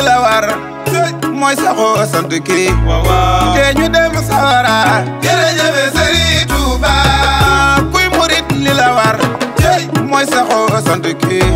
li la mooy saxoo sant kii te ñu dem sawara jërëjëf Sëriñ Tuuba kuy murit li la mooy saxoo sant kii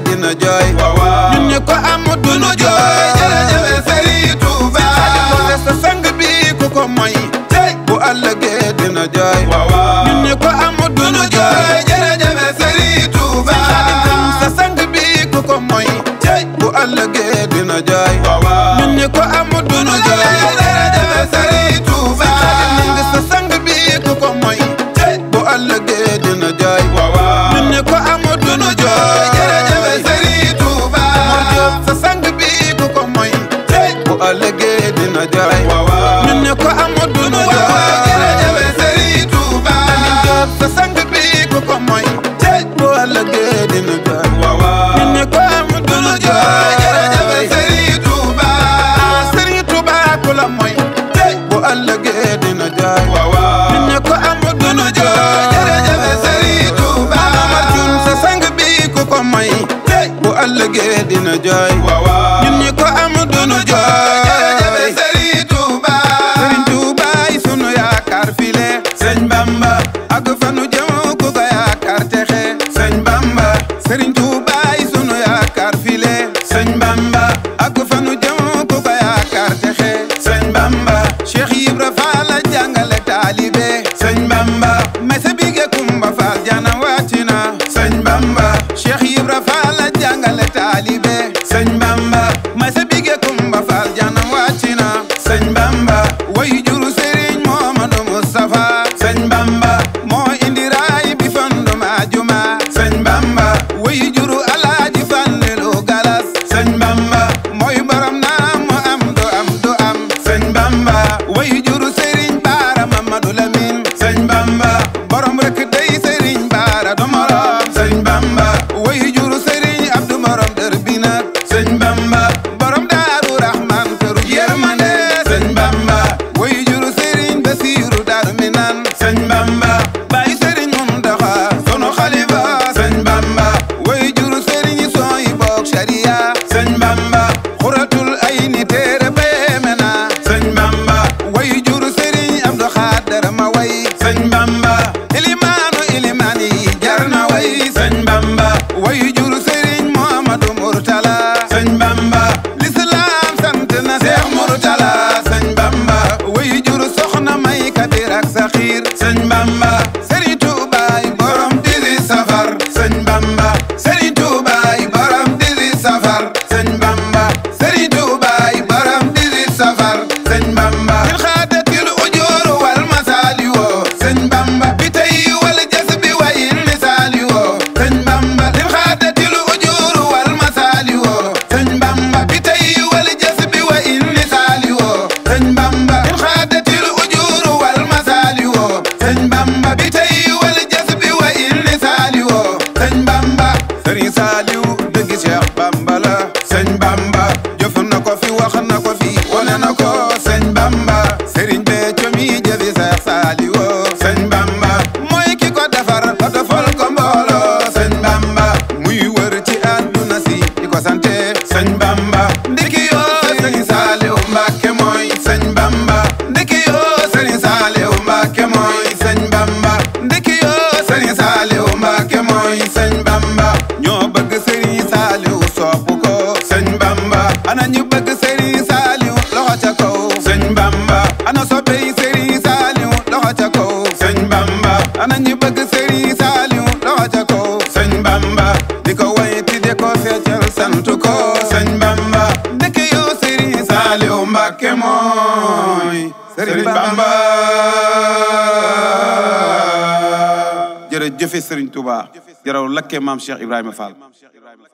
dee dina amut du nu jooy jërëjëf sëriñ in a joy. Wow, wow. murtala sëñ bamba way jur soxna may kabir ak saxiir sëñ bamba sëriñ tuubaay borom diri safar sëñ bamba sëriñ tuubaay borom diri safar sëñ bamba sëriñ Mbàkke mooy Serigne Bamba jërëjëf Serigne Touba jaraw lakke maam Cheikh Ibrahima Fall